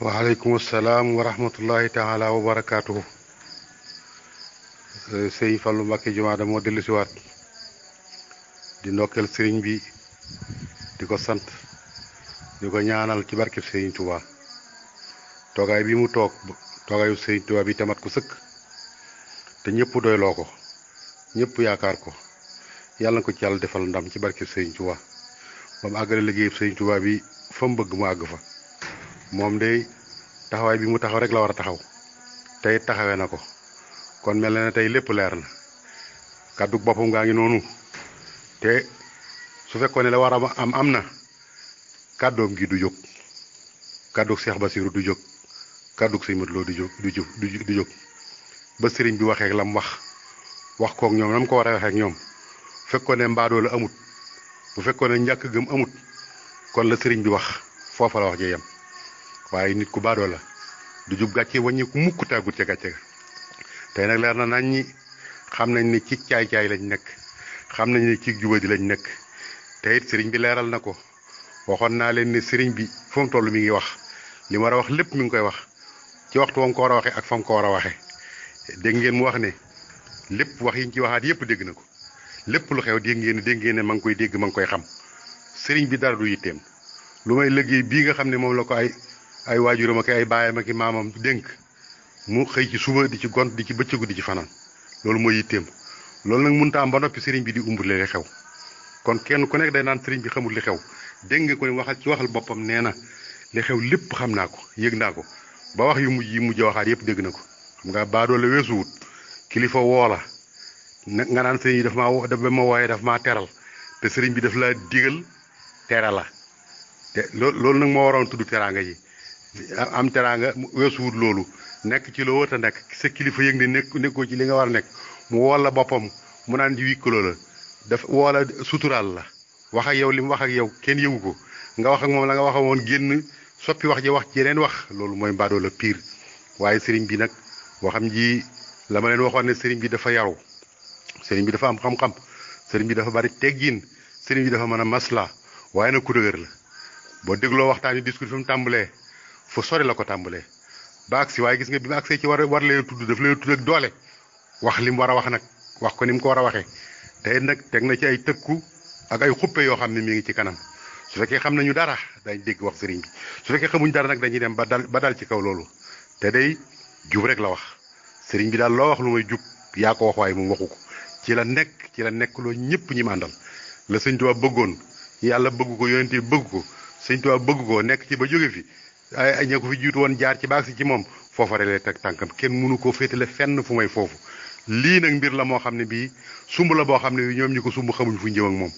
waaleykum salaam wa rahmatullahi taala wa barakaatuhu euh, sëñ Fallou Mbacké Jumaada moo dellu siwaat di ndokkeel sëriñ bi di ko sant di ko ñaanal ci barkeb sëriñ Touba toogaay bi mu toog toogaayu sëriñ Touba bi tamat ko sëkk te ñëpp doyloo ko ñëpp yaakaar ko yàlla ko ci defal ndam ci barkeb sëriñ Touba ba àggale liggéeyub sëriñ Touba bi fa mu bëgg mu àgg fa mom de taxaway bi mu taxaw rek la wara taxaw tay taxawé nako kon melena tay lepp tey Kaduk leer na kaddu bopum gaa ngi noonu su fekkone la wara am amna na gi du jog kaddu cheikh Basiru du jog kaddu seigne modlo du jog du jog du jog ba serigne bi ak lam wax wax ak ñom nam ko wara wax ak ñom fekkone la amut bu kon ñak gëm amut kon la serigne bi wax fofa la wax waaye nit ku baadoo la du jub gàcce wàññeeku mukk tàggut ca gàcce ga tey nag leer na nañ ñi xam nañ ne ci caay-caay lañ nekk xam nañ ne ci jubadi lañ nekk te it sëriñ bi leeral na ko waxoon naa leen ne sëriñ bi fu mu toll mi ngi wax li mu war a wax lépp mi ngi koy wax ci waxtu wa mu ko war a waxee ak fa war a waxee dégg ngeen mu wax ne lépp wax yi ñu ci waxaat yépp dégg na ko lépp lu xew dégg ngeen dégg ngeen ne ma ngi koy dégg ma ngi koy xam sëriñ bi dara du yitteem lu nga xam ne moom la ay waajuram ak ay baayam ak i maamam dénk mu xëy ci suba di ci gont di ci bëccëgu di ci fanaan loolu mooy yitteem loolu nag ba noppi sëriñ bi di umbule xew kon kenn ku nekk day naan sëriñ bi xamul li xew dégg nga ko waxal ci waxal boppam nee na li xew lépp xam naa ko yëg naa ko ba wax yu mujj yi mujj waxaat yëpp dégg na ko xam nga baadoo la weesuwut kilifa woo la nga naan sëriñ bi daf maa daf ma wooyee maa teral sëriñ bi daf laa digal tera la te loolu nag moo waroon tudd teraanga yi am teraanga weesuwut loolu nekk ci loo wër te nekk sa kilifa yëg ne nekk ci li nga war a nekk mu woo la boppam mu naan ji wikkaloo la daf woo la suturaal la wax ak yow li mu wax ak yow kenn yëgu ko nga wax ak moom la nga wax woon génn soppi wax ji wax ci yeneen wax loolu mooy mbaadoo la pire waaye sëriñ bi nag waxam ji la ma leen waxoon ne sëriñ bi dafa yaru sëriñ bi dafa am xam-xam sëriñ bi dafa bari teggiin sëriñ bi dafa mën a maslaa waaye nag ku la boo dégloo waxtaan yi discours fi mu tàmbalee fu sore la ko tàmbalee ba agsi waaye gis nga bi ma agsee ci war war leen tudd daf leen tudd ak doole wax li mu war a wax nag wax ko ni mu ko war a waxee te nag teg na ci ay tëkku ak ay xuppe yoo xam ne mi ngi ci kanam su fekkee xam nañu dara dañ dégg wax sëriñ bi su fekkee xamuñ dara nag dañuy dem ba dal ba dal ci kaw loolu te day jub rek la wax sëriñ bi daal loo wax lu may jub yaa ko wax waaye moom waxu ko ci la nekk ci la nekk loo ñëpp ñi màndal la sëñ bëggoon yàlla bëgg ko yonent bëgg ko sëñ Tuubaa bëgg ko nekk ci ba jóge fi ay ña ko fi jiitu woon jaar ci baag si ci moom foofa rek lay tànkam kenn mënu koo féetale fenn fu may foofu lii nag mbir la moo xam ne bii sumb la boo xam ne ñoom ñi ko sumb xamuñ fu njëw moom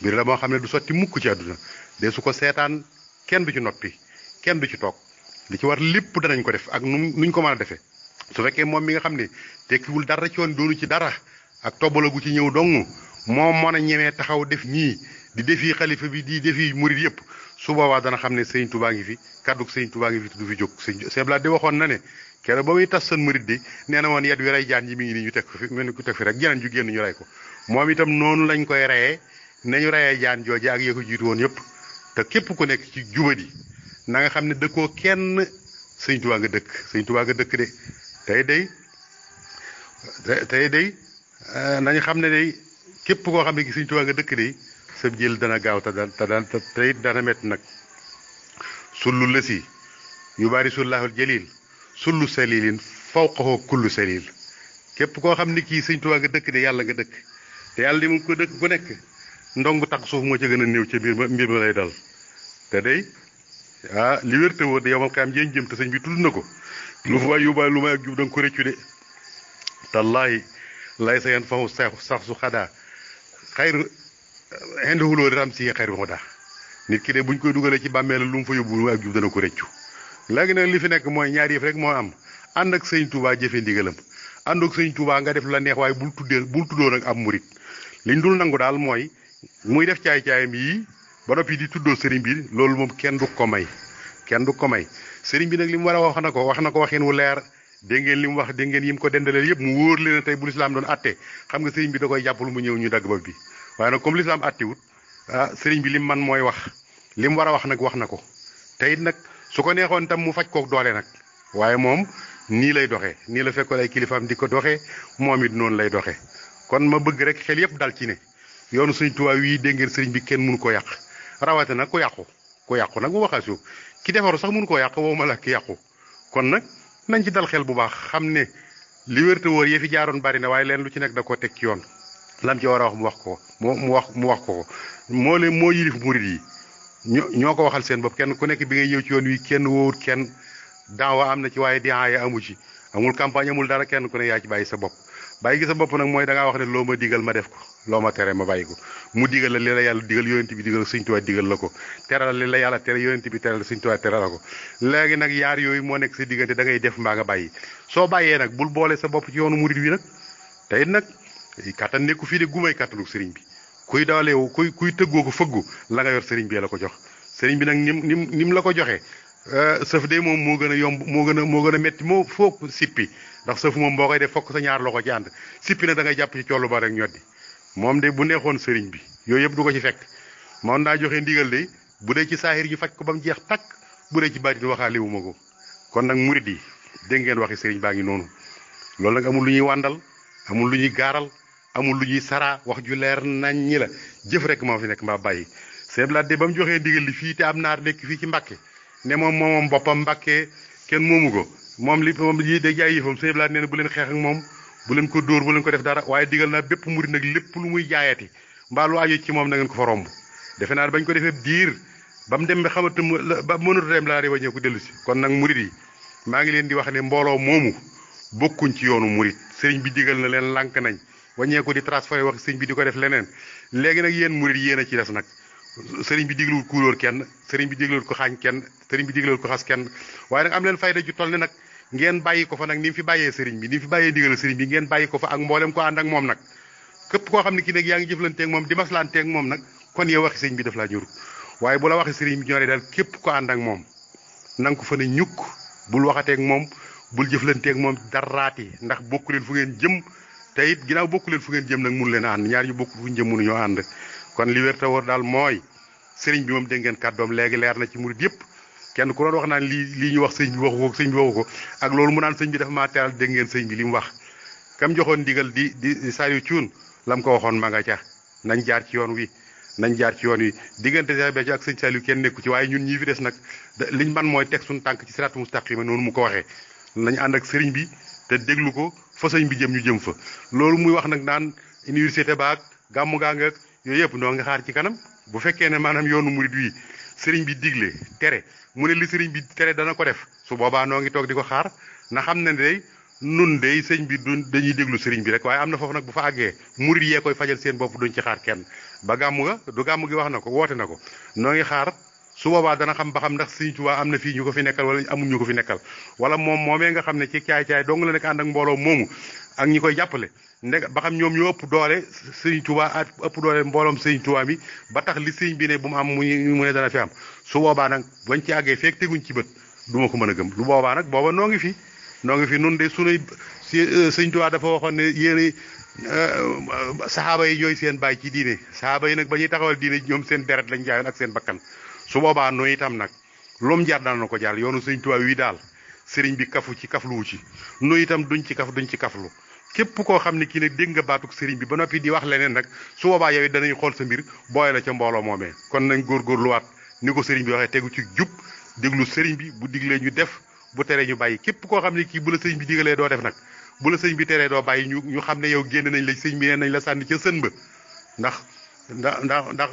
mbir la moo xam ne du sotti mukk ci àdduna de su ko seetaan kenn du ci noppi kenn du ci toog li ci war lépp danañ ko def ak nu ko mën a defee su fekkee moom mi nga xam ne tekkiwul dara ci woon doonu ci dara ak tobbalagu ci ñëw dong moom mën a ñemee taxaw def ñii di defi xalifa bi di defi murid yëpp su boobaa dana xam ne sëñ tubaa ngi fi kaddu sëñ tubaa ngi fi te du fi jóg sëñ di waxoon na ne keroog ba muy tas seen murit di nee na woon yet wi rey jaan ji mi ngi nii ñu teg ko fi mel ni ku teg fi rek jeneen ju génn ñu rey ko moom itam noonu lañ koy reyee nañu reyee jaan jooje ak yee ko woon yëpp te képp ku nekk ci jubadi na nga xam ne dëkkoo kenn sëñ tubaa nga dëkk sëñ tubaa nga dëkk de tey day tey eh, nañu xam ne day képp koo xam ne sëñ tubaa nga dëkk de sa jël dana gaaw te daan te daan nag sullu lësi yu bari sullahul jalil sullu salilin fawqahu kullu salil képp koo xam ni kii sëñ Tuubaa nga dëkk de yàlla nga dëkk te yàlla li mu ko dëkk ku nekk ndongu tax suuf moo ci gën a néew ca mbir ma mbir ma lay dal te day ah li wér de yow man kaam jéem jëm te sëñ bi tudd na ko lu fa waay yóbbaale lu may ak jub da ko réccu de tallaahi lay sa yan faxu sax su xadaa xayru xend xuloo daram si xeer bi xuta nit ki de buñ koy dugalee ci bàmmeel lu mu fa yóbbu ak jub dana ko rëccu léegi nag li fi nekk mooy ñaari yëf rek moo am ànd ak sëñ Touba jëfe ndigalam ànd ak sëñ Touba nga def la neex waaye bul tuddee bul tuddoo nag am murit liñ dul nangu daal mooy muy def caay caayam yi ba noppi di tuddoo sëriñ bi loolu moom kenn du ko may kenn du ko may sëriñ bi nag li mu war a wax na ko wax na ko waxin wu leer dégg ngeen li mu wax dégg ngeen yi mu ko dendaleel yëpp mu wóor leen tey bu lislaam doon atte nga sëriñ bi da koy jàppal mu ñëw ñu dagg ba bi waaye nag comme lislaam àttiwut ah sëriñ bi lim man mooy wax li mu war a wax nag wax na ko te nag su ko neexoon tam mu faj kook doole nag waaye moom nii lay doxee nii la fekkoon ay kilifaam di ko doxee moom it noonu lay doxee kon ma bëgg rek xel yëpp dal ci ne yoon suñ tubaab yi dégg ngir sëriñ bi kenn mënu ko yàq rawate nag ku yàqu ku yàqu nag bu waxasu ki defaru sax mënu koo yàq wow ma la ki yàqu kon nag nañ ci dal xel bu baax xam ne li wérte fi jaaroon bari na waaye leen lu ci nekk da ko teg ci yoon lam ci war a wax mu wax ko moo mu wax mu wax ko ko moo leen moo yilif murit yi ñoo ñoo ko waxal seen bopp kenn ku nekk bi ngay ñëw ci yoon wi kenn wóor kenn daawa am na ci waaye dian ya amu ci amul campagne amul dara kenn ku ne yaa ci bàyyi sa bopp bàyyi gi sa bopp nag mooy da ngaa wax loo ma digal ma def ko loo ma tere bàyyi ko mu digal la yàlla digal yonent bi digal Sëñ Tuubaa digal la ko teral li la yàlla tere yonent bi teral Sëñ Tuubaa teral la ko léegi nag yaar yooyu moo nekk sa diggante da ngay def mbaa nga bàyyi soo bàyyee nag bul boole sa bopp ci yoonu murit wi nag tey nag kattan nekku fii de gumay kattanu sëriñ bi kuy daaleewu kuy kuy tëggoo ko fëggu la nga yor sëriñ bi la ko jox sëriñ bi nag nim nim nim la ko joxee euh, sëf de moom moo gën a yomb moo gën moo gën a métti moo foog sippi ndax sëf moom boo koy fokk sa ñaar loxo ci ànd sippi nag da ngay jàpp ci ba rek ñoddi moom de bu neexoon sëriñ bi yooyu yëpp du ko ci fekk moom naa joxe ndigal de bu dee ci saahir ñu faj ko ba mu jeex takk bu dee ci baatin waxaale wu ma ko kon nag murid yi dégg ngeen waxi sëriñ baa ngi noonu loolu nag amul lu wàndal amul lu ñuy gaaral amul lu ñuy saraa wax ju leer nañ ñi la jëf rek moo fi nekk mbaa bàyyi seeb laa de ba mu joxee ndigal li fii te am naar nekk fii ci Mbàkke ne moom moom boppam Mbàkke kenn moomu ko moom li moom yi day jaay yëfam seeb laa nee bu leen xeex ak moom bu leen ko dóor bu leen ko def dara waaye digal naa bépp murid nag lépp lu muy jaayati mbaa lu ci moom na ngeen ko fa romb defe naa bañ ko defee diir ba mu dem ba xamante ba mënatu dem laa réew ñëw ko dellu si kon nag murid yi maa ngi leen di wax ne mbooloo moomu bokkuñ ci yoonu murid sëriñ bi digal na leen lank nañ waññeeku di transféré wax sëñ bi di ko def leneen léegi nag yéen murit yéen a ci def nag sëriñ bi digluwul kuulóor kenn sëriñ bi digluwul ko xaañ kenn sëriñ bi digluwul ko xas kenn waaye nag am leen fayda ju toll ne nag ngeen bàyyi ko fa nag ni fi bàyyee sëriñ bi ni mu fi bàyyee digal sëriñ bi ngeen bàyyi ko fa ak mboolem ko ànd ak moom nag képp ko xam ne kii nag yaa ngi jëflanteeg moom di maslaanteeg moom nag kon yow waxi sëriñ bi daf laa ñor waaye bu la waxee sëriñ bi daal képp ko ànd ak moom na ko fa ne ñukk bul waxateeg moom bul jëflanteeg moom daraati ndax bokku leen fu ngeen jëm te it ginnaaw bokku leen fu ngeen jëm nag mun leen a ànd ñaar ñu bokkul fu ñu jëm mënuñoo ànd kon li wér daal mooy sëriñ bi moom dégg ngeen kàddoom léegi leer na ci murit yëpp kenn ku doon wax naan lii lii ñu wax sëñ bi waxu ko sëñ bi ko ak loolu mu naan sëñ bi dafa maa dégg ngeen sëñ bi li mu wax kam joxoon ndigal di di Saliou Thioune la ko waxoon ma nga nañ jaar ci yoon wi nañ jaar ci yoon wi diggante Cheikh Béthio ak sëñ Saliou kenn nekku ci waaye ñun ñii fi des nag liñ man mooy teg suñu tànk ci siraatu mustaqima noonu mu ko waxee nañ ànd ak sëriñ bi te déglu ko fa sëñ bi jëm ñu jëm fa loolu muy wax nag naan université baag gàmmu gaa nga yooyu yëpp noo nga xaar ci kanam bu fekkee ne maanaam yoonu murid wi sëriñ bi digle tere mu ne li sëriñ bi tere dana ko def su boobaa noo ngi toog di ko xaar na xam ne day nun day sëñ bi du dañuy déglu sëriñ bi rek waaye am na foofu nag bu fa àggee murid yee koy fajal seen bopp duñ ci xaar kenn ba gàmmu ga du gàmm gi wax na ko woote na ko noo ngi xaar su boobaa dana xam ba xam ndax Sëriñ Tuubaa am na fii ñu ko fi nekkal wala amuñ ñu ko fi nekkal wala moom moomee nga xam ne ci caay-caay dong la nekk ànd ak mbooloo moomu ak ñi koy jàppale ndeg ba xam ñoom ñu ëpp doole Sëriñ Tuubaa ak ëpp doole mbooloom Sëriñ Tuubaa mi ba tax li sëriñ bi ne bu mu am mu mu ne dana fi am su boobaa nag bañ ci àggee feek teguñ ci bët du ko mën a gëm lu boobaa nag booba noo ngi fi noo ngi fi nun de sunuy euh, Sëriñ Tuubaa dafa waxoon ne yéen euh, saxaaba yi ñooy seen bàyyi ci diine saxaaba yi nag ba ñuy taxawal diine ñoom seen deret lañ jaayoon ak seen bakkan su boobaa nu itam nag lum jaar dal na ko jaar yoonu sëriñ Tuubaa wi daal sëriñ bi kafu ci kafluwu ci nu itam duñ ci kaf duñ ci kaflu képp koo xam ne kii ne dégg nga baatuk sëriñ bi ba noppi di wax leneen nag su boobaa yow it danañ xool sa mbir booy la ca mbooloo moomee kon nañ góorluwaat ni ko sëriñ bi waxee tegu ci jub déglu sëriñ bi bu diglee ñu def bu teree ñu bàyyi képp koo xam ne kii bu la sëriñ bi digalee doo def nag bu la sëñ bi teree doo bàyyi ñu xam ne yow génn nañ la sëñ bi nee nañ la sànni ca sën ba ndax ndax ndax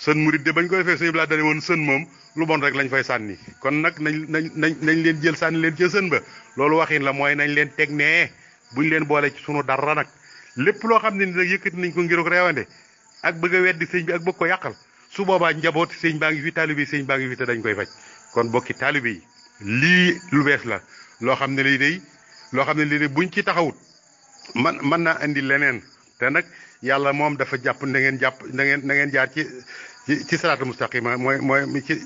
sën murit de bañ koy defee sëñ bi laa dane woon sën moom lu bon rek lañ fay sànni kon nag nañ nañ nañ nañ leen jël sànni leen ca sën ba loolu waxin la mooy nañ leen teg nee buñ leen boole ci sunu dara nag lépp loo xam ne ni nag yëkkati nañ ko ngiruk reewande ak bëgg a weddi sëñ ak bëgg yàqal su boobaa njabooti sëñ baa ngi fi taalibe yi sëñ baa ngi fi te dañ koy faj kon bokki taalibe yi lii lu bees la loo xam ne lii day loo xam ne lii day buñ ci taxawut man mën naa indi leneen te nag yàlla moom dafa jàpp na ngeen jàpp na ngeen na ngeen jaar ci ci ci siraatal mustaqima mooy mooy ci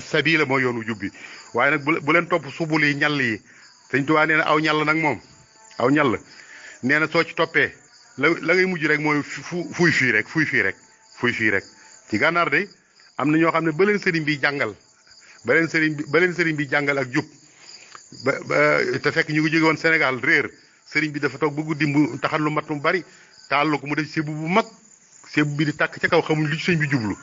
sabila mooy yoonu jub bi waaye nag bu leen topp subul yi ñàll yi sëñ Tuubaa nee na aw ñàll nag moom aw ñàll nee na soo ci toppee la la ngay mujj rek mooy fu fuy fii rek fuy fii rek fuy fii rek ci gànnaar de am na ñoo xam ne ba leen sëriñ bi jàngal ba leen sëriñ bi ba sëriñ bi jàngal ak jub ba te fekk ñu ngi jóge woon réer sëriñ bi dafa toog ba guddi mu taxal lu mat mu bari taal ko mu def ci bu bu mag seen bi di tàkk ca kaw xamuñ lu ci sëñ bi jublu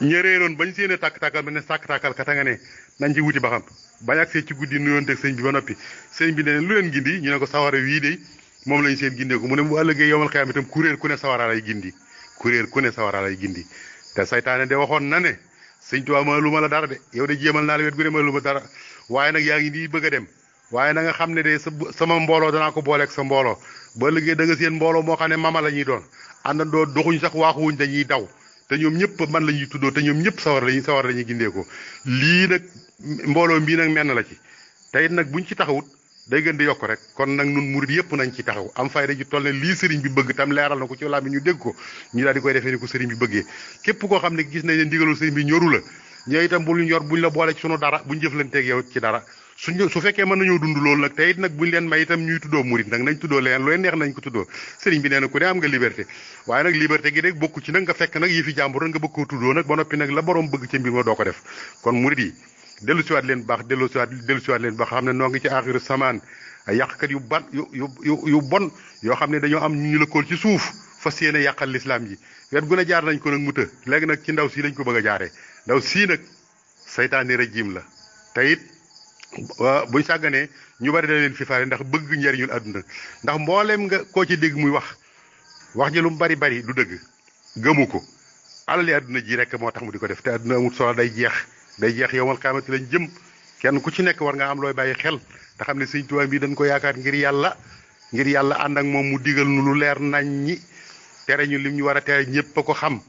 ñereeroon bañ seen tàkk-tàkkal ba ne sàkk-tàkkal kata nga ne nañ ci wuti ba xam ba ak see ci guddi nuyoon teg sëñ bi ba noppi sëñ bi ne lu leen gindi ñu ne ko sawara wii de moom lañ seen gindee ko mu ne bu ëllëgee yomal xiyam itam kuréel ku ne sawara lay gindi kuréel ku ne sawara lay gindi te seytaane de waxoon na ne sëñ Tuubaa ma lu ma la dara de yow de jéemal naa la wet gu ne ma lu ma dara waaye nag yaa ngi nii bëgg dem waaye na nga xam ne de sama mbooloo danaa ko booleek sa mbooloo boo liggéey danga seen mbooloo moo xam ne mama la ñuy doon àndandoo doxuñ sax waaxuwuñ dañuy daw te ñoom ñëpp man la ñuy tuddoo te ñoom ñëpp sawar lañuy sawar la ñuy gindeekoo lii nag mbooloo mbii nag menn la ci tey it nag buñ ci taxawut day gën di yokk rek kon nag nun murit yëpp nañ ci taxaw am fayda ju toll ne lii sëriñ bi bëgg tam leeral na ko ci làmmiñ ñu dégg ko ñu daal di koy defee ni ko sëriñ bi bëggee képp koo xam ne gis nañ ne ndigalul sëriñ bi ñoru la ñee itam bu luñ yor buñ la boole ci sunu dara buñ jëflanteeg yow ci dara suñ su fekkee mën nañoo dund loolu nag te it nag buñ leen may itam ñuy tuddoo murit nag nañ tuddoo leneen lu leen neex nañ ko tuddoo sëriñ bi nee na ku ne am nga liberté waaye nag liberté gi rek bokku ci nag nga fekk nag yi fi jàmbur nga bëgg koo tuddoo nag ba noppi nag la borom bëgg ci ko def kon murit leen baax dellu siwaat dellu siwaat leen xam ne noo ngi ci axiru yu ban yu yu yu bon yoo xam ne dañoo am ñu lëkkool ci suuf fas yéene yàqal lislaam ji wet gu ne jaar nañ ko nag mu të léegi nag ci ndaw si lañ ko bëgg jaare ndaw sii nag saytaani rajim la te it buñ sàgganee ñu bari da leen ndax bëgg njariñul àdduna ndax mbooleem nga koo ci dégg muy wax wax ji lu bari bari du dëgg gëmu ko alali àdduna ji rek moo tax mu di ko def te àdduna amul solo day jeex day jeex yow mal ci lañ jëm kenn ku ci nekk war nga am looy bàyyi xel te xam ne sëñ Tuubaa bi dañ ko yaakaar ngir yàlla ngir yàlla ànd ak moom mu digal nu lu leer nañ ñi tere ñu lim ñu war a tere ñëpp ko xam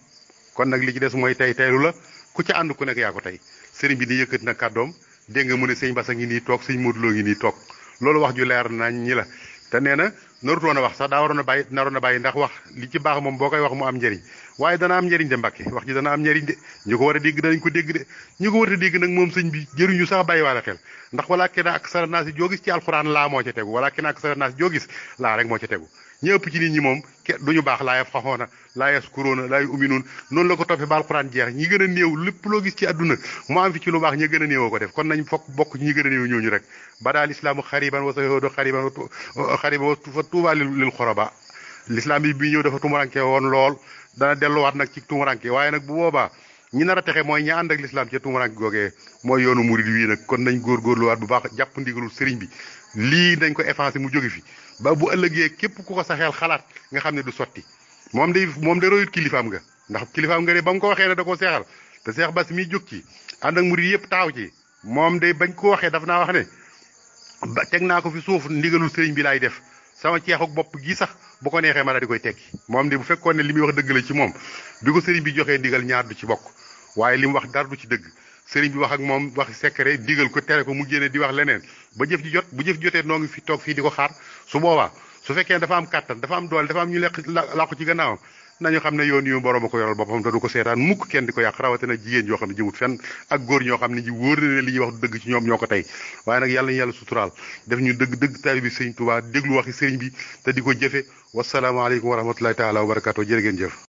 kon nag li ci des mooy tey teylu la ku ca ànd ku nekk yaa ko tey sëriñ bi di yëkkati na kàddoom dégg mu ne sëñ Basa ngi nii toog sëñ Modou Lo ngi nii toog loolu wax ju leer nañ ñi la te nee na narut woon a wax sax daa waroon a bàyyi naroon a bàyyi ndax wax li ci baax moom boo koy wax mu am njëriñ waaye dana am njëriñ de mbàkke wax ji dana am njëriñ de ñu ko war a dégg danañ ko dégg de ñu ko war a dégg nag moom sëñ bi jëriñu sax bàyyi waale xel ndax walaa kena ak saranaasi joo gis ci laa moo ca tegu walaa kena ak saranaasi joo gis laa moo ca tegu ñëpp ci nit ñi mom moom ke duñu baax laayaf xaxoona laayas kuróona laay uminuun non la ko topé ba alquran jeex ñi gëna néew lépp lo gis ci aduna mu am fi ci lu bax ñi gëna a ko def kon nañ fokk bokk ñi gëna néew ñooñu rek badaal islaamu khariban wa sayoodo xariban khariban wa fa tuuba lil khuraba l'islam bi ñëw dafa tumuranke won lool dana wat nak ci tumuranke waye nak bu boba ñi nara taxé moy ñi ànd ak l'islam ci tumuranke goge moy yoonu murid wi nak kon nañ gor gor lu wat bu baax jàpp ndigalul serigne bi lii dañ ko effacé mu jóge fi ba bu ëllëgee képp ku ko saxeel xalaat nga xam ne du sotti moom day moom da royut kilifaam nga ndax kilifaam nga de ba mu ko waxee ne da koo seexal te seex bas mi ci ànd ak murid yëpp taaw ci moom day bañ ko waxee daf naa wax ne ba teg naa ko fi suuf ndigalul sëriñ bi laay def sama ceexuk bopp gi sax bu ko neexee ma daal di koy tekki moom de bu fekkoon ne li muy wax dëgg la ci moom bi ko sëriñ bi joxee ndigal ñaar du ci bokk waaye li mu wax dara du ci dëgg sëriñ bi wax ak moom wax secret digal ko tere ko mu génne di wax leneen ba jëf ji jot bu jëf jotee noo ngi fi toog fii di ko xaar su boobaa su fekkee dafa am kàttan dafa am doole dafa am ñu lekk làqu ci gannaawam nañu xam ne yoon yu borom ko yoral boppam te du ko seetaan mukk kenn di ko yàq rawatina jigéen yoo xam ne jëmut fenn ak góor ñoo xam ne ji wóor ne li ñuy wax du dëgg ci ñoom ñoo ko tey waaye nag yàlla ñu yàlla suturaal def ñu dëgg dëgg taalibi sëriñ Tuubaa déglu waxi sëriñ bi te di ko jëfe wasalaamaaleykum wa rahmatulahi taala wa barakaatu jërë ngeen jëf